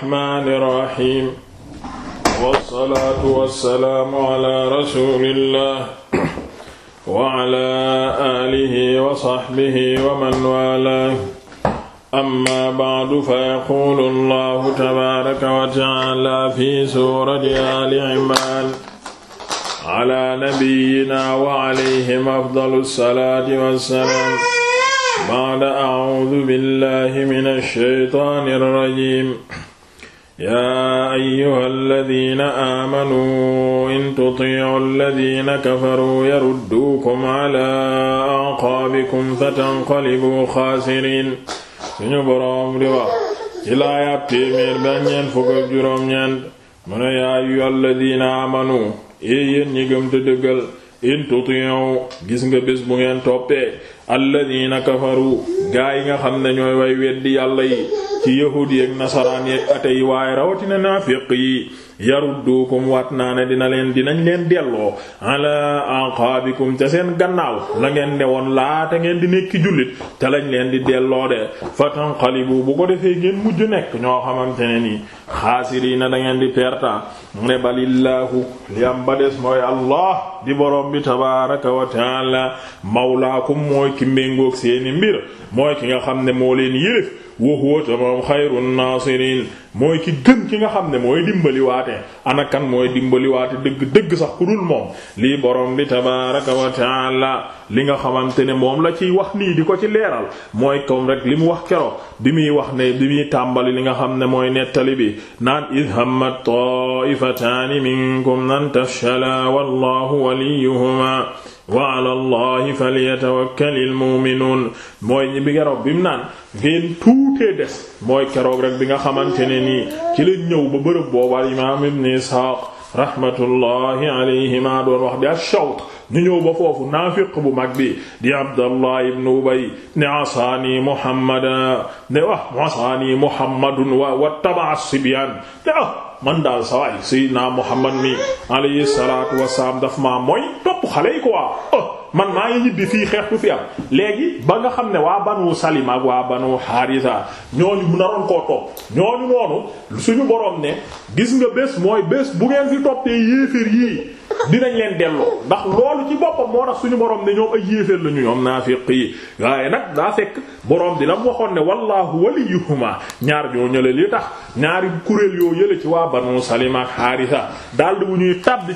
arrahmaani irrahim wassalaatu wassalaamu ala rasulillah wa ala aalihi wa saxbihi wa man waalaahu amma ba'du fa yaquulu allahu tabaaraka wa ta'aala fi suurati aali imraan ala nabiyyina wa alayhim afdalu salaati wassalaam ba'da a'uudu billahi mina shaytaani rajiim yaa ayyuha alladina aamanuu in tutiicu alladina kafaruu yarudduukum ala aqaabikum fatanqalibuu xaasiriin suñu boroom di wax ci laayaab téeméer ba ñeent fukk ak juróom-ñeent mu ne yaa ayyuha alladina aamanuu eh, yéen ñi gëm te dëggal in tutiicu gis nga bés bu ngeen toppee alladina kafaru gaa yi nga xam ne ñooy way weddi yàlla yi ci yahuud yeek nasaraan yeek ate yi waaye rawatina naafiq yi yaruddukum waat naa ne dina leen dinañ leen delloo ala anqaabikum ca seen gannaaw la ngeen ne woon laata ngeen di nekki jullit te lañ leen di delloo de fatanqalibu bu ko defee ngeen mujj nekk ñoo xamante ne nii xaasiriina da ngeen di perta ne balillaahu li am ba des mooy allah di borom bi tabaaraka wa taala mawlaakum mooy ki méngoog seeni mbir mooy ki nga xam ne moo leen yilif wa huwa moom xayrun naasiriin mooy ki gën ki nga xam ne mooy dimbaliwaate ana kan mooy dimbaliwaate dëgg dëgg sax ku dul moom lii borom bi tabaaraka wa taala li nga xamante ne moom la ciy wax nii di ko ci leeral mooy koom rek li mu wax keroog bi muy wax ne bi muy tàmbali li nga xam ne mooy nettali bi naan id hammat taa'ifataani minkum an tafshala wallahu waliyuhuma wa ala allahi falyatawakkalil mu'minuun mooy ñi bi geroog bi mu naan ngeen tuutee des mooy keroog rek bi nga xamante ne nii ci la ñëw ba bërëb boobal imaam ibn Isxaaq rahmatullahi alayhima doon wax di ashawt ñu ñëw ba bu mag bi di abdallah ibn ubay ne asaani muhammadan ne wax ah, asaani muhammadun wa wattaba te ah man daal sawaay sayyidina Muhammad mi alayhi salaatu wassalaam daf maa mooy topp xale yi quoi man maa ngi ñibbi fii xeex du fi am léegi ba nga xam ne waa banu Salima ak waa banu Harisa ñooñu mu naroon koo topp ñooñu noonu suñu borom ne gis nga bés mooy bés bu ngeen fi toppee yéeféer yii dinañ leen delloo ndax loolu ci boppam moo tax suñu borom ne ñoom ay yéeféer la ñu ñoom naafiq yi waaye nag daa fekk borom bi la mu waxoon ne wallaahu waliyuhuma ñaar ñoo ñële li tax ñaari kuréel yoo yële ci waa banu Salima ak Harisa daal di bu ñuy tàbbi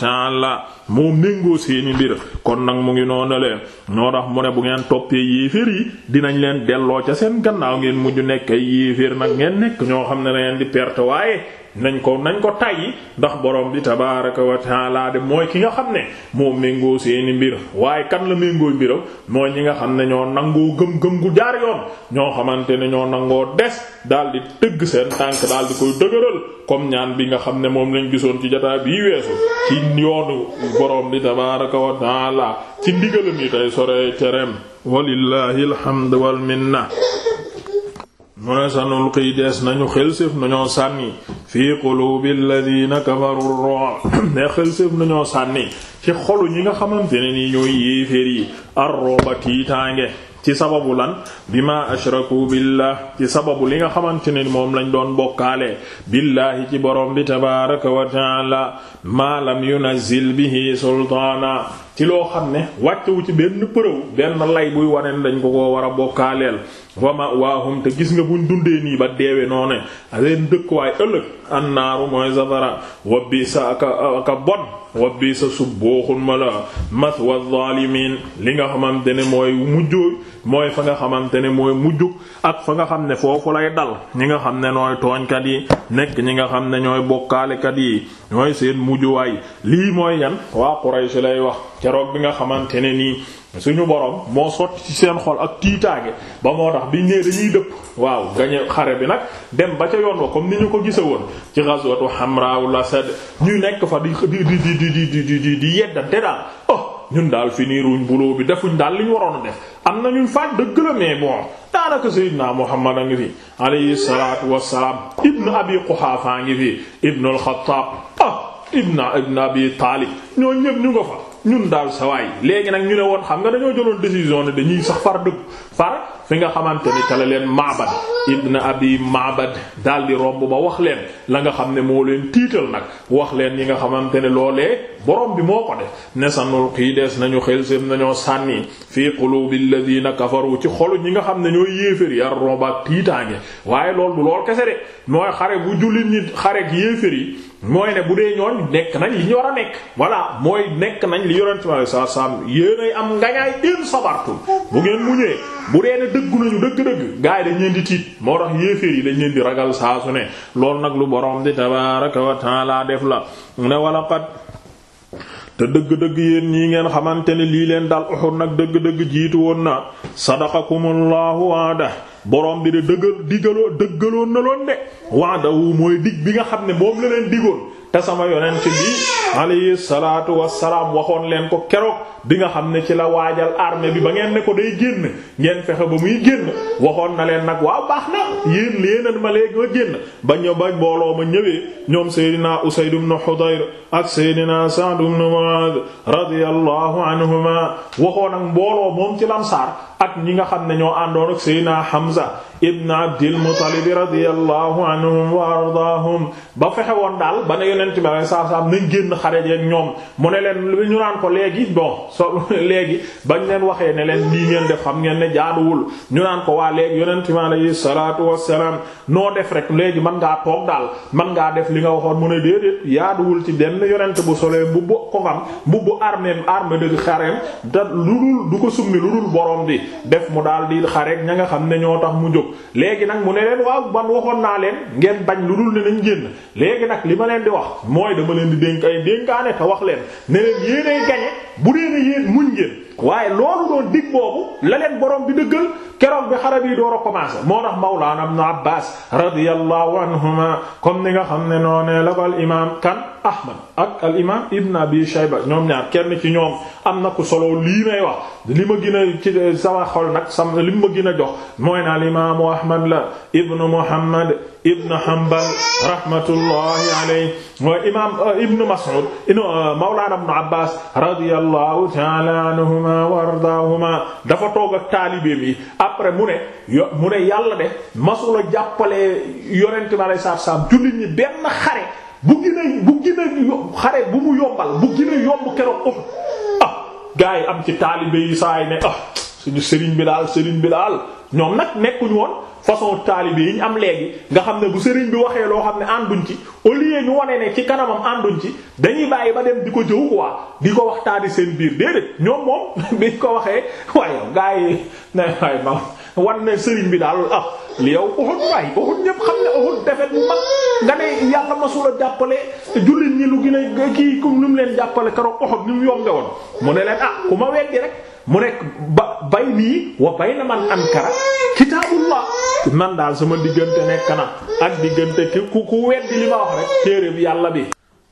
wa la moo méngoo seeni mbir kon nag mu ngi noonu leen ñoo tax mu ne bu ngeen toppee yéeféer yi dinañ leen delloo ca seen gannaaw ngeen mujj nekk ay yéeféer nag ngeen nekk ñoo xam ne na di perte waaye nañ ko nañ ko tayyi ndax borom bi tabaaraka wa taala de mooy ki nga xam ne moo méngoo seeni mbir waaye kan la méngoo mbiram mooy ñi nga xam ne ñoo nangoo gëm gëm gu jaar yoon ñoo xamante ne ñoo nangoo des daal di tëgg seen tànk daal di koy dëgëral comme ñaan bi nga xam ne moom lañ gisoon ci jotaay bii weesu ci yoonu borom bi tabaaraka wa taala ci ndigalam yi tey sore tereem walillahi alhamdu wal minna mu ne sanulqi dees nañu xelsëf nañoo sànni fii qulubi alladina kafaru ar-ru'b ne xelsëf nañoo sànni ci xolu ñi nga xamante ne ni ñooy yéeféer yi ar tiitaange ci sababu lan bima ashraku billah ci sababu li nga xamante ne moom lañ doon bokkaale billahi ci borom bi tabaraka wa taala ma lam yunazzil bihi sultaana ci loo xam ne wàccewu ci benn përëw benn lay buy waneen dañ ko ko war a bokkaaleel wama waahum te gis nga buñ dundee nii ba deewe noo ne leen dëkkuwaay ëllëg annaaru mooy safara wabbi sa aka bon wabbi sa sub booxun ma la wa zalimin li nga xamante ne mooy mujj mooy fa nga xamante ne mooy mujj ak fa nga xam ne foofu lay dal ñi nga xam ne nooy tooñkat yi nekk ñi nga xam ne ñooy bokkaalekat yi ñooy seen mujjuwaay lii mooy yan waa Quraysh lay wax ceroog bi nga xamante ne nii suñu borom moo sotti ci seen xol ak tiitaange ba moo tax biñ nee dañuy dëpp waaw gañe xare bi nag dem ba ca yoon wa comme ni ñu ko gisa woon ci ghazwatu la Asad ñu nekk fa di di di di di di di yeddante daal oh ñun daal finiruñ buloo bi defuñ daal li ñu waroon a def am na ñuy faat dëgg la mais bon. daanaka Seydina Muhammad a ngi fi alayhi salaatu wassalaam ibn Abi Quhaafa a ngi fi ibn al-Khattaab ah ibn ibn Abi Taalib ñoo ñëpp ñu nga fa ñun daal sa waay léegi nag ñu ne woon xam nga dañoo jëloon décision ne dañuy sax far dëgg far fi nga xamante ni ca la leen Maabad ibn Abi Maabad daal di romb ba wax leen la nga xam ne moo leen tiital nag wax leen ñi nga xamante ne loolee borom bi moo ko def ne sanulqii dees nañu xel seen nañoo sànni fii qulubil ladina kafaru ci xolu ñi nga xam ne ñooy yéefér yi ar romb ak tiitaange waaye lool du lool kese de mooy xare bu jullit ñi xare ak yi mooy ne bu dee ñooñ nekk nañ yi ñu war mooy nekk nañ li yonent mi saa saam yéenay am ngañaay in sabartum bu ngeen muñee bu dee ne dëggu nañu dëgg-dëgg gars yi dañ di tiit moo tax yéeféer yi dañ leen di ragal saa ne lool nag lu borom di tabaaraka wa def la ne wala pat te dëgg-dëgg yéen ñii ngeen xamante ne lii leen dal Uhud nag dëgg-dëgg jiitu woon na sadaqakumullahu waada borom bi de dëggal diggaloo dëggaloon na loon de waadawu mooy dig bi nga xam ne moom la leen digoon te sama yonent alayhi salaatu wassalaam waxoon leen ko keroog bi nga xam ne ci la waajal armée bi ba ngeen ne ko day génn ngeen fexe ba muy génn waxoon na leen nag waa baax na yéen léenan ma léegi ma génn ba ñëw ba mbooloo ma ñëwee ñoom seydina Usayd ibn Hudayr ak seydina Sa'd ibn Mu'adh radiyallahu anhuma waxoon ak mbooloo moom ci lamsaar ak ñi nga xam ne ñoo àndoon ak seydina Hamza ibn Abdil Muttalib radiyallahu anhum ba fexe woon daal ba ne yonent bi alayhi salaam nañ génn xare ak ñoom mu ne leen lu ñu naan ko léegi bon so léegi bañ leen waxee ne leen lii ngeen def xam ngeen ne jaaduwul ñu naan ko waa léegi yonent bi alayhi salaatu wassalaam noo def rek léegi man ngaa toog daal man ngaa def li nga waxoon mu ne déedéet jaaduwul ci benn yonent bu solee bu bu ko xam bu bu armeem arme de xareem da lu dul du ko summi lu dul borom bi def léegi nag mu ne leen waaw ban waxoon naa leen ngeen bañ lu dul ne nañ génn léegi nag li ma leen di wax mooy dama leen di dénk ay dénkaane te wax leen ne leen yéenay gañe bu dee ne yéen muñ ngeen waaye loolu doon dig boobu la leen borom bi dëggal keroog bi xare bi door a commencé moo tax Mawlaana Ibn Abbaas radiyallahu anhuma comme ni nga xam ne noonee la ko al imaam kan Ahmad ak al imaam Ibn Abi Shayba ñoom ñaar kenn am na ku solo lii may wax li ma gën a ci sama xol li ma gën a jox mooy na al imaamu Ahmad la Ibn Muhammad Ibn Hanbal rahmatullahi alayhi mooy imaam euh, Ibn Mas'ud euh, Abbaas radiyallahu ta'ala anhuma wa ardaahuma après mu ne yo mu ne yàlla de masula jàppale yonente bi alei satu salaam jullit ñi benn xare bu gën a bu gën a xare bu mu yombal bu gën yomb keroog ah gaa yi am ci taalibe yi saay ne ah suñu sëriñ bi daal sëriñ bi daal ñoom nag nekkuñu woon façon taalibe yi ñu am léegi nga xam ne bu sëriñ bi waxee loo xam ne ànduñ ci au lieu ñu wane ne ci kanamam ànduñ ci dañuy bàyyi ba dem di ko jëw quoi di ko waxtaani seen biir déedéet ñoom moom biñ ko waxee waaye gaa yi ne waaye ma wan ne sëriñ bi daal ah li yow Uhud waay Uhud ñëpp xam ne Uhud defet mu mag nga ne yàlla ma su la jàppale jullit ñi lu gën a kii comme ni mu leen jàppale keroog Uhud ni mu yombe woon mu ne leen ah rek. mu nekk ba bay nii wa bay na man ankara kitaabullah man daal sama diggante nekk na ak diggante ki ku ku weddi li ma wax rek téere bi yàlla bi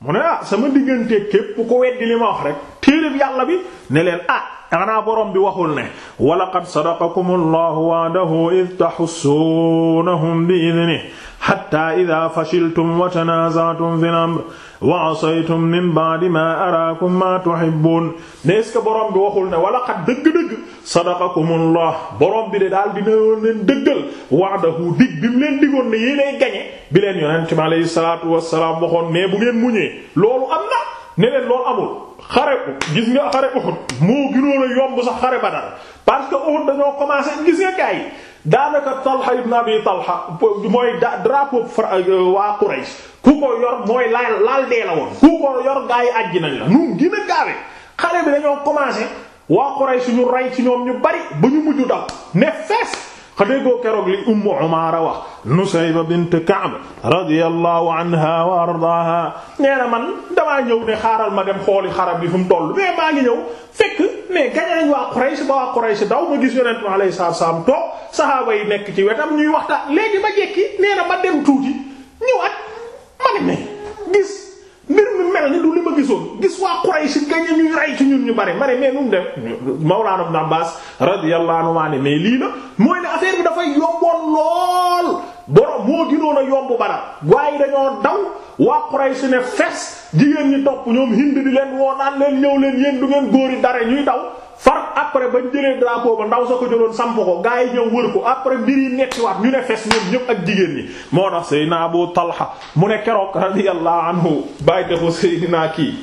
mu ne ah sama diggante képp ku ko weddi li ma wax rek téere yàlla bi ne leen ah xanaa borom bi waxul ne wala walaqad sadaqakumullahu wa'dahu idh tahussunahum bi idnihi xatta ida fashiltum wa tanaazatum fil amr wa asaytum min ba'di ma araakum ma tuhibbun ne est-ce que borom bi waxul ne wala xat dëgg-dëgg sadaqakumullah borom bi de daal dina yoon leen dëggal wa'dahu dig bi mu leen digoon ne yéenay gañe bi leen yonent mi alayhi salaatu wassalaam waxoon ne bu ngeen muñee loolu am na ne leen loolu amul xare ko gis nga xare Uhud moo gënoon a yomb sax xare Badar parce que Uhud dañoo commencé gis nga gaay daanaka Talha ibn Abi Talha mooy drapeau euh, waa Quraysh ku ko yor mooy laal laal dee la woon ku ko yor gaa yi àjji nañ la nun gën a gaawe xare bi dañoo commencé waa Quraysh ñu rey ci ñoom ñu bari bu ñu mujju daw ne fees xa déggoo keroog li Ummu Umaara wax Nusayba bint Ka'b radiyallahu anha wa ardaaha nee man damaa ñëw ne xaaral ma dem xooli xarab bi fu mu toll mais maa ngi ñëw fekk mais gañe nañ waa Quraysh ba waa Quraysh daw ma gis yonent mi alayhi salaatu salaam toog saxaaba yi nekk ci wetam ñuy waxtaan léegi ma jekki nee ma dem tuuti ñëwaat ma ne gis mbir mi mel ni du li ma gisoon gis waa Quraysh gañe ñuy rey ci ñun ñu bari ma ne mais nu mu def Mawlana Ibn Abbas radiyallahu anhu mais lii na mooy ne affaire bi dafay yomboon lool borom moo gënoon a yomb bara waaye dañoo daw waa Quraysh ne fes jigéen ñi topp ñoom Hind di leen woo naan leen ñëw leen yéen du ngeen góori dara ñuy daw après bañ jëlee drapeau ba ndaw sa ko jëloon samp ko gaa yi ñëw wër ko après mbir yi nettiwaat ñu ne fes ñoom ñëpp ak jigéen ñi moo tax Seydina Abu Talha mu ne keroog radiyallahu anhu bàyyi taxu Seydina kii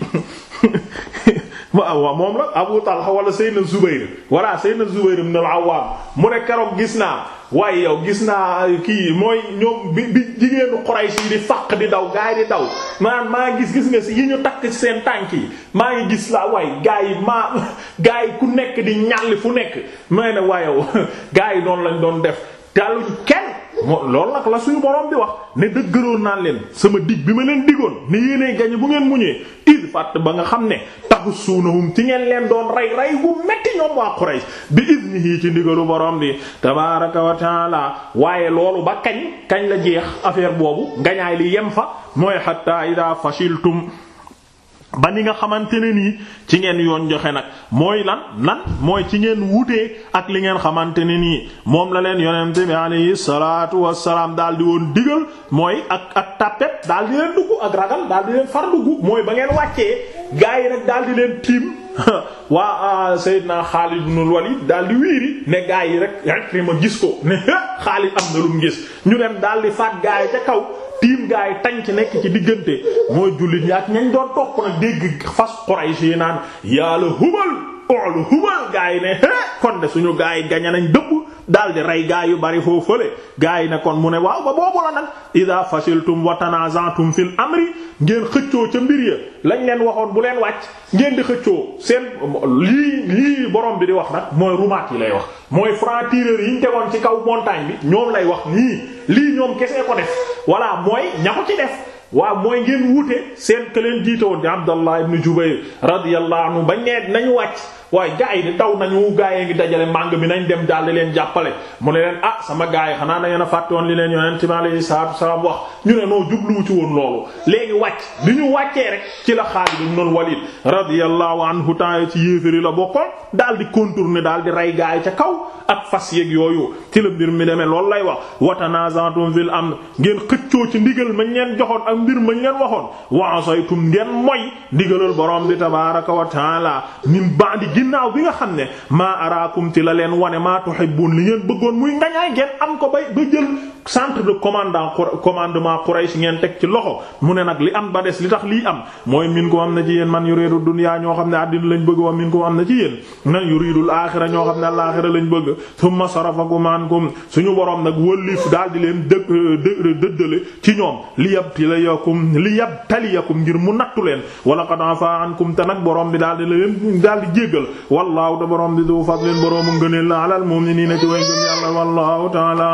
waaw moom la Abu Talha wala Seydina Zubayr wala Seydina Zubayr ibn al-Awwam mu ne keroog gis naa waaye yow gis naa kii mooy ñoom bi bi jigéenu Quraysh yi di faq di daw gaay di daw maanaam maa gis gis nga si yi ñu takk seen tànk yi maa ngi gis la waay gaay yi maa gaay yi ku nekk di ñàlli fu nekk may ne waayow gaay yi noonu lañ doon def taluñ kenn moo loolu nag la suñu borom bi wax ne dëggaloon naan leen sama dig bi ma leen digoon ne yéenee gañe bu ngeen muñee id fàtt ba nga xam ne taxu suunahum ci ngeen leen doon rey rey bu metti ñoom waa Quraysh bi iznihi ci ndigalu boroom bi tabaaraka wa taala waaye loolu ba kañ kañ la jeex affaire boobu ngañaay li yem fa mooy hatta ida fashiltum ba ni nga xamante ne nii ci ngeen yoon joxe nag mooy lan lan mooy ci ngeen wutee ak li ngeen xamante ne nii moom la leen yonent bi alayhi salaatu wassalaam daal di woon digal mooy ak ak tàppet daal di leen dugg ak ragal daal leen far dugg mooy ba ngeen wàccee gaa yi nag daal di leen tiim waa ah, Seydina Xaalid ibn Walid daal di wiiri ne gaa yi rek ma gis ko ne Xaalid am na lu mu gis ñu leen daal di faat gaa yi ca kaw tiim gaa yi tànc nekk ci diggante mooy jullit ñi ak ñañ doon topp na dégg fas Quraysh yi naan yàlla hubal oolu hubal gaa yi ne hé kon de suñu gaa yi gañe nañ dëpp daal di rey gaa yu bari foo fële gaa yi ne kon mu ne waaw ba boobu la nag ida fashiltum wa tanaza'tum fil amri ngeen xëccoo ca mbir ya lañ leen waxoon bu leen wàcc ngeen di xëccoo seen lii lii borom bi di wax nag mooy rumaat yi lay wax mooy francs yi ñu tegoon ci kaw montagne bi ñoom lay wax nii lii ñoom kese ko def voilà mooy ña ko ci def waaw mooy ngeen wute seen ke leen jiite woon di Abdallah ibn Jubayr radiyallahu anhu bañ nee nañu wàcc waaye gaa yi di daw nañu gaa yi ngi dajale màng bi nañ dem daal di leen jàppale mu ne leen ah sama gaa yi xanaa na ngeen a fàtte woon li leen yonent mi alayhi salaatu salaam wax ñu ne noo jubluwu ci woon loolu léegi wàcc li ñu wàccee rek ci la Xaalid ibn Walid radiyallahu anhu temps ci yéeféri la bokkoon daal di contourner daal di rey gaa ca kaw ak fas yeeg yooyu ci mbir mi demee loolu lay wax watanazantum fil amr ngeen xëccoo ci ndigal mbir ma ngeen waxoon wa asaytum ngeen moy ndigalal borom bi tabaaraka wa taala min ba'di ginnaaw bi nga xam ne maa araakum ci leen wane maa tuhibbun li ngeen bëggoon muy ngañaay ngeen am ko bay ba jël centre de commandant commandement Quraysh ngeen teg ci loxo mu ne nag li am ba des li tax lii am mooy min ko am na ci yéen man yu yuridu dunya ñoo xam ne àddina lañ bëgg wa min ko am na ci yéen nan yuridul aaxira ñoo xam ne alaaxira lañ bëgg thumma sarafakum ankum suñu borom nag wëllif daal di leen dë dëddale ci ñoom li yabtaliyakum li yabtaliyakum ngir mu nattu leen wala qad afa ankum te nag borom bi daal di leen daal di jéggal wallaahu da borom bi du fadlin borom ngëneel la alal mu'minina ci